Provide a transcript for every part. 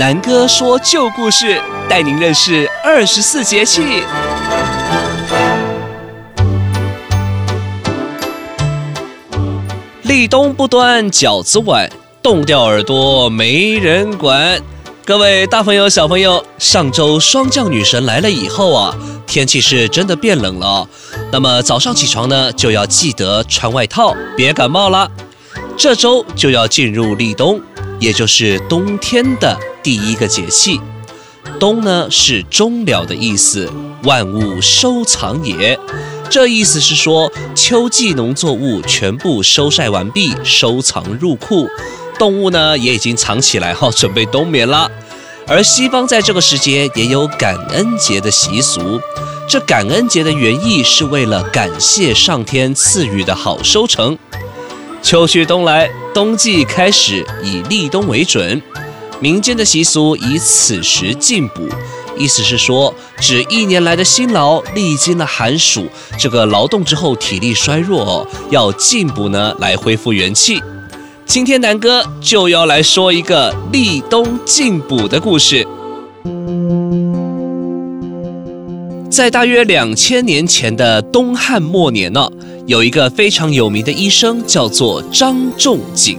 南哥說舊故事，帶您認識二十四節氣。立冬不端餃子碗，凍掉耳朵沒人管。各位大朋友、小朋友，上週霜降女神來了以後啊，天氣是真的變冷了。那麼早上起床呢，就要記得穿外套，別感冒了。這週就要進入立冬。也就是冬天的第一個節氣，冬呢是終了的意思，萬物收藏也。這意思是說，秋季農作物全部收曬完畢，收藏入庫；動物呢也已經藏起來哈、哦，準備冬眠了。而西方在這個時節也有感恩節的習俗，這感恩節的原意是為了感謝上天賜予的好收成。秋去冬來，冬季開始以立冬為準。民間的習俗以此時進補，意思是說，指一年來的辛勞，歷經了寒暑這個勞動之後，體力衰弱哦，要進補呢來恢復元氣。今天南哥就要來說一個立冬進補的故事。在大約兩千年前的東漢末年呢。有一個非常有名的醫生叫做張仲景，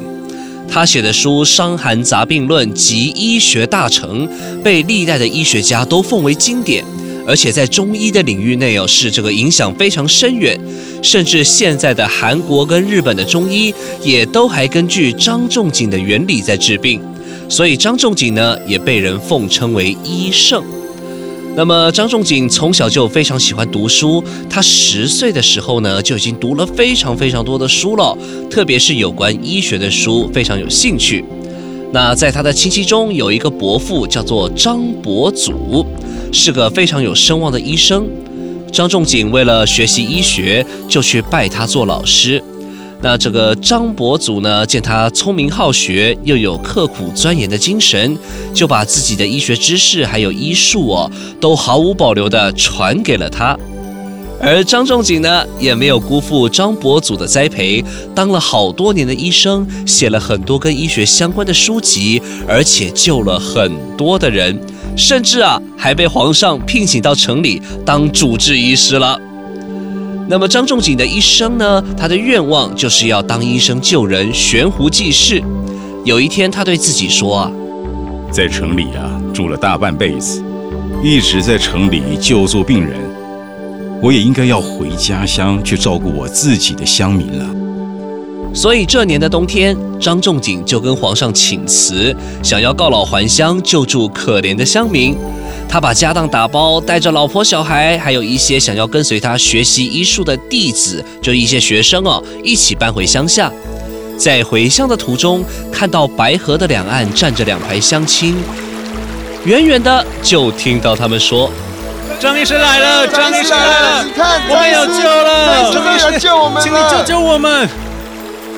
他寫的書《傷寒雜病論》及《醫學大成》，被歷代的醫學家都奉為經典，而且在中醫的領域內有、哦、是這個影響非常深遠，甚至現在的韓國跟日本的中醫也都還根據張仲景的原理在治病，所以張仲景呢也被人奉稱為醫聖。那麼，張仲景從小就非常喜歡讀書。他十歲的時候呢，就已經讀了非常非常多的書了，特別是有關醫學的書，非常有興趣。那在他的親戚中，有一個伯父叫做張伯祖，是個非常有聲望的醫生。張仲景為了學習醫學，就去拜他做老師。那這個張伯祖呢，見他聰明好學，又有刻苦鑽研的精神，就把自己的醫學知識還有醫術哦，都毫無保留地傳給了他。而張仲景呢，也沒有辜負張伯祖的栽培，當了好多年的醫生，寫了很多跟醫學相關的書籍，而且救了很多的人，甚至啊，還被皇上聘請到城裡當主治醫師了。那麼張仲景的一生呢？他的願望就是要當醫生救人，懸壺濟世。有一天，他對自己說：“啊，在城裡啊住了大半輩子，一直在城裡救助病人，我也應該要回家鄉去照顧我自己的鄉民了。”所以這年的冬天，張仲景就跟皇上請辭，想要告老還鄉，救助可憐的鄉民。他把家當打包，帶着老婆、小孩，還有一些想要跟隨他學習醫術的弟子，就一些學生哦，一起搬回鄉下。在回鄉的途中，看到白河的兩岸站着兩排鄉親，遠遠的就聽到他們說：“張醫師來了！張醫，張醫師來了！我們有救了！張醫師，張醫師救我們了！請你救救我們！”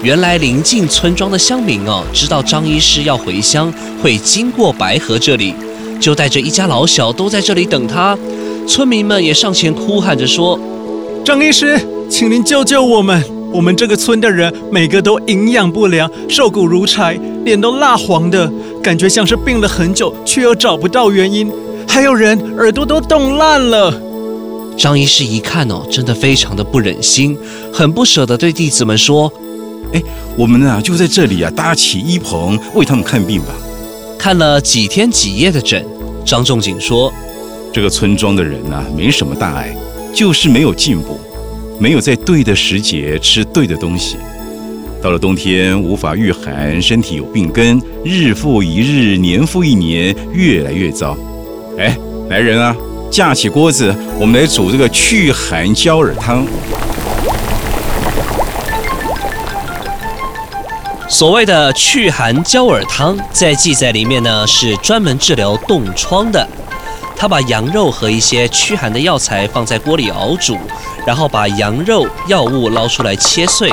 原來鄰近村莊的鄉民哦，知道張醫師要回鄉，會經過白河這裡。就帶着一家老小都在這裡等他，村民們也上前哭喊着說：“張醫師，請您救救我們！我們這個村的人每個都營養不良，瘦骨如柴，臉都蠟黃的，感覺像是病了很久，卻又找不到原因。還有人耳朵都凍爛了。”張醫師一看哦，真的非常的不忍心，很不舍得對弟子們說：“哎，我們呢、啊、就在這裡啊搭起醫棚為他們看病吧。”看了幾天幾夜的診。張仲景說：“這個村莊的人啊，沒什麼大礙，就是沒有進補，沒有在對的時節吃對的東西。到了冬天無法御寒，身體有病根，日復一日，年復一年，越來越糟。哎，來人啊，架起鍋子，我們來煮這個祛寒嬌耳湯。”所謂的祛寒嬌耳湯，在記載裡面呢，是專門治療凍瘡的。他把羊肉和一些驅寒的藥材放在鍋裡熬煮，然後把羊肉、藥物撈出來切碎，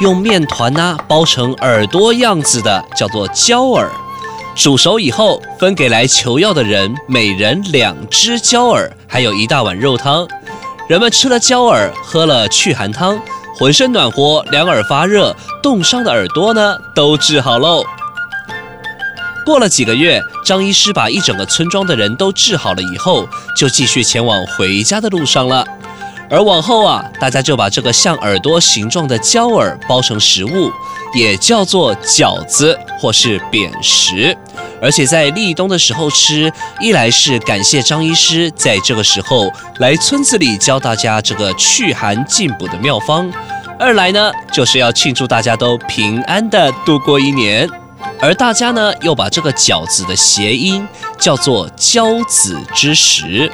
用麵團呢包成耳朵樣子的，叫做嬌耳。煮熟以後，分給來求藥的人，每人兩隻嬌耳，還有一大碗肉湯。人們吃了嬌耳，喝了祛寒湯。渾身暖和，兩耳發熱，凍傷的耳朵呢都治好嘍。過了幾個月，張醫師把一整個村莊的人都治好了以後，就繼續前往回家的路上了。而往後啊，大家就把這個像耳朵形狀的嬌耳包成食物，也叫做餃子或是扁食。而且在立冬的時候吃，一來是感謝張醫師在這個時候來村子裡教大家這個祛寒進補的妙方，二來呢就是要慶祝大家都平安的度過一年，而大家呢又把這個餃子的諧音叫做“交子之時”，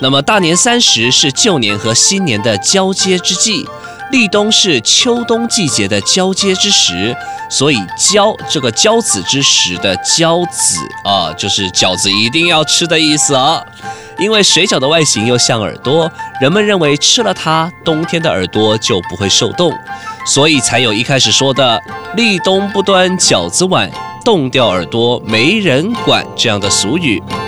那麼大年三十是舊年和新年的交接之際。立冬是秋冬季節的交接之時，所以“交”這個“交子之時”的“交子”啊，就是餃子一定要吃的意思啊。因為水餃的外形又像耳朵，人們認為吃了它，冬天的耳朵就不會受凍，所以才有一開始說的“立冬不端餃子碗，凍掉耳朵沒人管”這樣的俗語。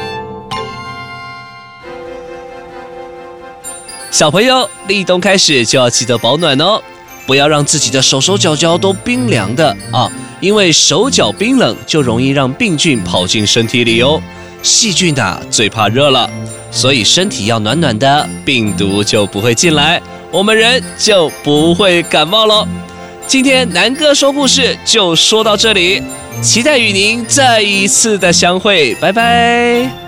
小朋友，立冬開始就要記得保暖哦，不要讓自己的手手腳腳都冰涼的啊，因為手腳冰冷就容易讓病菌跑進身體裡哦。細菌呢、啊、最怕熱了，所以身體要暖暖的，病毒就不會進來，我們人就不會感冒咯。今天南哥說故事就說到這裡，期待與您再一次的相會，拜拜。